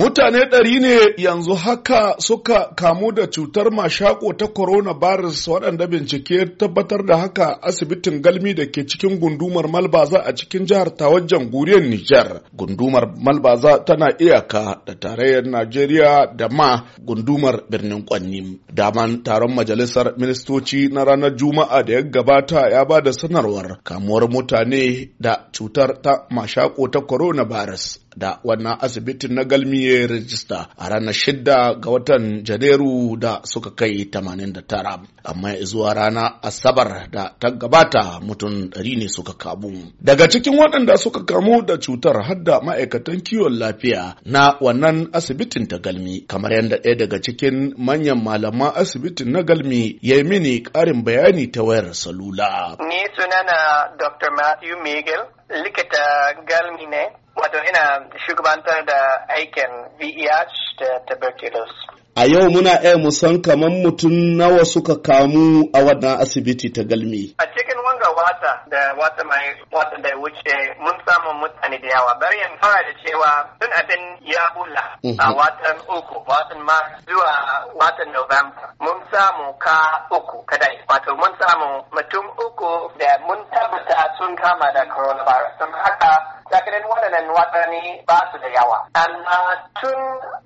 Mutane ɗari ne yanzu haka suka kamu da cutar mashako ta coronavirus waɗanda bincike tabbatar da haka asibitin galmi da ke cikin gundumar Malbaza a cikin jihar Tawar Guriyar Nijar. Gundumar Malbaza tana iyaka da tarayyar Najeriya da ma gundumar birnin Kwanim. Daman taron majalisar ministoci na ranar Juma'a da ya gabata ya ba da sanarwar kamuwar mutane da cutar ta mashako ta coronavirus da wannan asibitin na galmi ya rijista, a ranar shidda ga watan janairu da suka kai 89 amma zuwa rana asabar da ta gabata mutum ɗari ne suka kamu daga cikin waɗanda suka kamu da cutar hadda ma'aikatan kiwon lafiya na wannan asibitin ta galmi kamar yadda ɗaya daga cikin manyan malaman asibitin na galmi ya yi mini ƙarin bayani ta wayar salula ni sunana dr matthew miguel likita galmi ne Wato ina shugabantar da aikin VEH da tuberculosis. A yau muna iya musan kamar mutum nawa suka kamu a wannan asibiti ta galmi. A cikin wanga wata da wata mai wata da wuce mun samu mutane da yawa. Bari yin fara da cewa tun abin ya bula a mhm. watan uku, watan ma zuwa watan November. Mun samu ka uku kadai. Wato mun samu mutum uku da mun tabbata sun kama da coronavirus. sun haka Dakirin waɗannan watsani ba su da yawa. Amma tun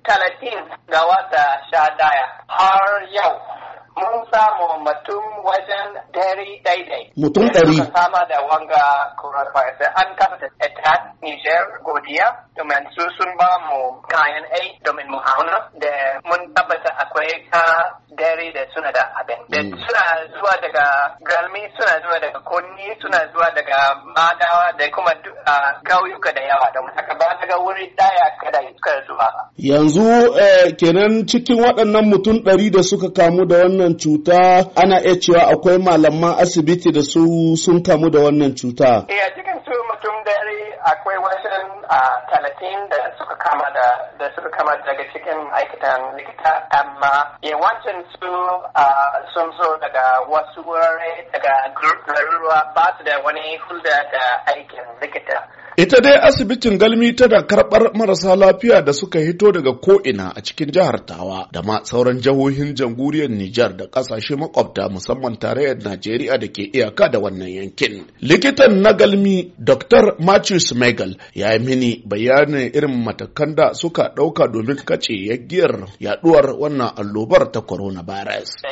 talatin ga wata sha daya har yau mun samu mutum wajen dari daidai. Mutum ɗari. Sama da wanga coronavirus an kafa etat Niger godiya domin su sun ba mu kayan A domin mu hauna da mun tabbata akwai ka dari da suna da abin. Hmm. zuwa daga galmi suna zuwa daga konni suna zuwa daga madawa da kuma kauyuka da yawa don haka ba daga wuri daya kada suka zuwa. Yanzu eh, kenan cikin waɗannan mutum ɗari da suka kamu da wannan cuta ana iya cewa akwai malaman asibiti da su sun kamu da wannan cuta. Iya eh, dare akwai wasu talatin da suka kama da suka kama daga cikin aikatan likita amma yawancin su sun zo daga wasu wurare daga garuruwa ba su da wani hulɗa da aikin likita. Ita dai asibitin galmi tana karɓar marasa lafiya da suka hito daga ko'ina a cikin jihar Tawa da ma sauran jihohin jamhuriyar Nijar da ƙasashe makwabta musamman tarayyar Najeriya da ke iyaka da wannan yankin. Likitan na galmi Dr. Matthews Megal ya yi mini bayanin irin matakan da suka ɗauka domin kace yaggiyar yaɗuwar wannan allobar ta coronavirus.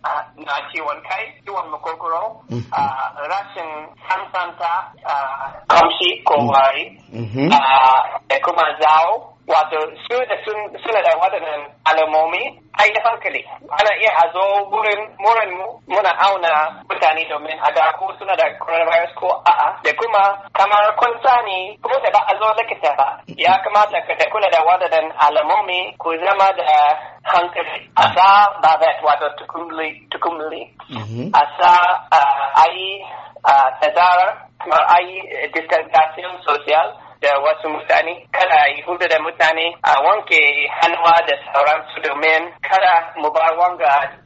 Eh, ah, na ciwon kai ciwon makokoro mm-hmm. ah, rashin kansanta ah, kamshi ko wari da mm-hmm. uh, kuma zawo wato su da suna da waɗannan alamomi a yi hankali ana iya a zo wurin murin muna auna mutane domin a ga ko suna da coronavirus ko a'a da kuma kamar kun sani ko da ba a zo likita ba ya kamata ka kula da waɗannan alamomi ku zama da hankali a sa ba wato tukumli mm-hmm. a sa uh, a yi uh, tazarar yi distanciation social da wasu mutane kada yi hudu da mutane a wanke hannuwa da sauransu domin kada mu bar wanga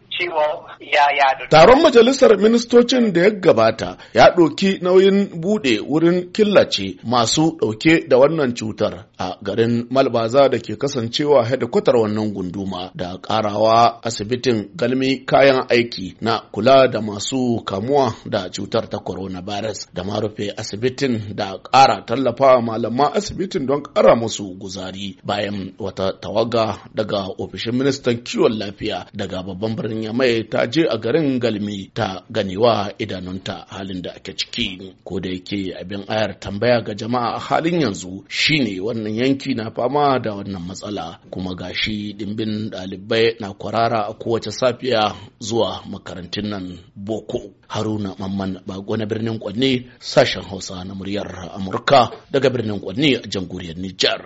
taron majalisar ministocin da ya gabata ya ɗauki nauyin buɗe wurin killace masu ɗauke da wannan cutar a garin malbaza da ke kasancewa hedikwatar wannan gunduma da ƙarawa asibitin galmi kayan aiki na kula da masu kamuwa da cutar ta coronavirus da marufe asibitin da ƙara tallafa malama asibitin don ƙara musu guzari bayan wata tawaga daga ofishin ministan kiwon lafiya daga babban birnin sanya mai ta je a garin galmi ta ganewa idanunta halin da ake ciki ko da yake abin ayar tambaya ga jama'a a halin yanzu shine wannan yanki na fama da wannan matsala kuma gashi dimbin ɗalibai na kwarara a kowace safiya zuwa makarantun nan boko haruna mamman bago na birnin kwanne sashen hausa na muryar amurka daga birnin kwanne a jamhuriyar nijar